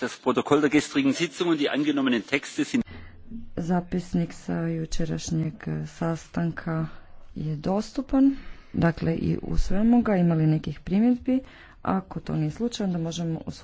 Das protokoll der gestrigen Sitzung und die angenommenen Texte sind... Zapisnik sa jučerašnjeg e, sastanka je dostupan, dakle i usvojimo ga, imali nekih primjedbi. Ako to nije slučaj, onda možemo usvojiti.